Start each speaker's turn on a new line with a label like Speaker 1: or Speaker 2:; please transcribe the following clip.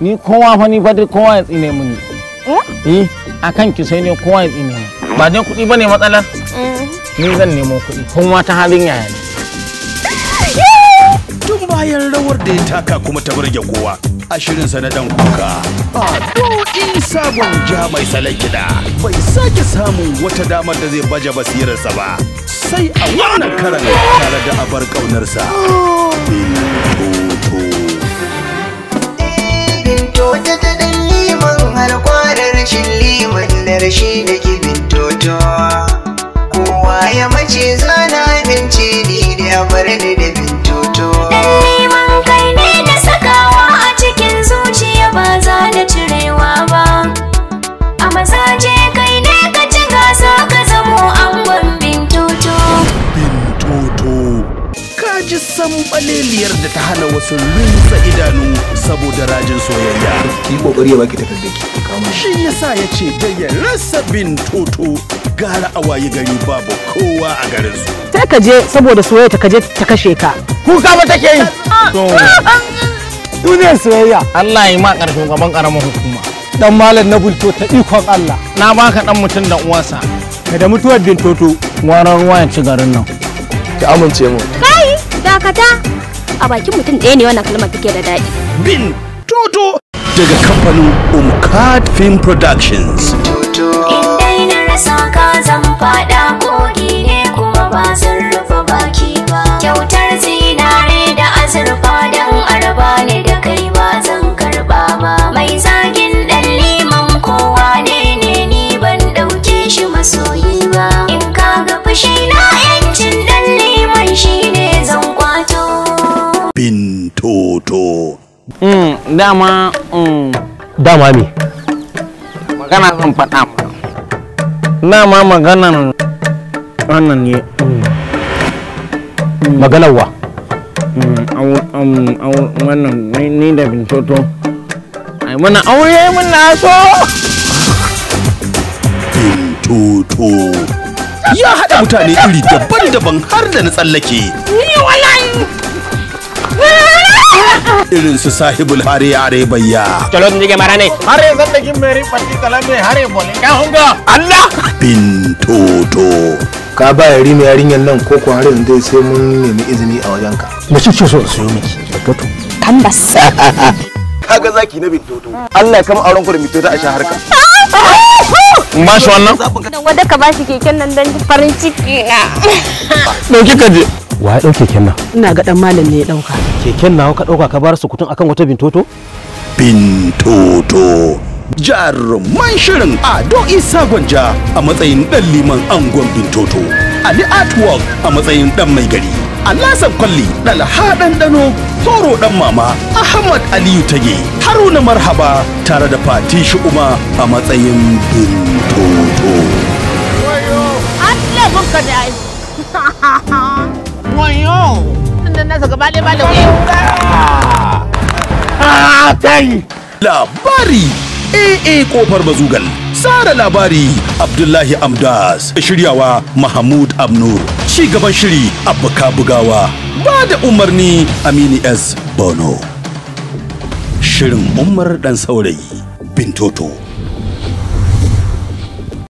Speaker 1: ni kowa fa ni fa dai kowa ya tsine mun eh? eh a kan ki sai ne kowa ya tsine mun. ba dai kuɗi bane matsalar mm. ni zan nemo kuɗi kowa ta halin yaya ne tun bayan rawar da ya taka kuma ta burge kowa a sa na dan kuka a doɗi sabon ja mai salon kiɗa bai sake samu. wata damar da zai baje basirarsa ba sai a wannan karan tare da abar ƙaunarsa. Oh. Wata ta ɗan liman har kwarar shin liman da da kibin toto. Kowa ya mace zana bince ni da ya bar da baleliyar da ta hana wasu rinsa idanu saboda rajin soyayya. Ki kokari ya baki takardar ki Shi yasa ya ce da ya rasa bin toto gara a waye gari babu kowa a garin su. Sai ka je saboda soyayya ka je ta kashe ka. Kuka ba take yi. Duniyar soyayya. Allah ya ma karfin gaban karamar hukuma. Dan malam na bulto ta ikon Allah. Na baka dan mutum da uwansa. Ka da mutuwar bintoto. Waran ruwa ya ci garin nan. Ki amince mu. Dakata! A bakin mutum ɗaya ne wannan kalmar take da daɗi. Bin Toto daga kamfanin Umkad Film Productions. na rasa ka zan faɗa. Hmm, dama hmm. dama me magana zan faɗa ma dama maganan wannan ne hmm. maganar wa um, wannan ni da bintoto ai mana aure mun na so bintoto ya haɗa mutane iri daban-daban har da na tsallake irin su sahibul hare are bayya चलो तुम mara के मारा नहीं हरे जिंदगी मेरी पति कलम में हरे बोले क्या होगा अल्लाह bin toto ka ba yari mai yarinyar nan ko ko har yanzu sai mun nemi izini a wajenka me kike so su yi miki toto kambas kaga zaki na bin toto Allah ya kama auren ku da mitoto a sha harka ma shi wannan Wadda ka ba shi keken nan don farin ciki na dauki ka je wa ya dauke keken nan ina ga dan malam ne ya dauka keken nawa ka ɗauka ka bar su kutun akan wata bintoto? Bintoto. Jaruman shirin Ado Isa Gwanja a matsayin ɗan liman angon Bintoto. Ali Artwork a matsayin ɗan mai gari. Alasan Kwalli, Dalha dano toro Ɗan Mama, Ahmad Aliyu Tage, Haruna Marhaba tare da Fati uma a matsayin Bintoto. Wayo! nasa gaba ɗaya ba da wuri. Labari AA kofar bazugal. Sara labari Abdullahi Amdas shiryawa Mahmud Abnur ci gaban shiri abuka Bugawa ba da umarni amini S Bono. Shirin Umar Dan Saurayi Bintoto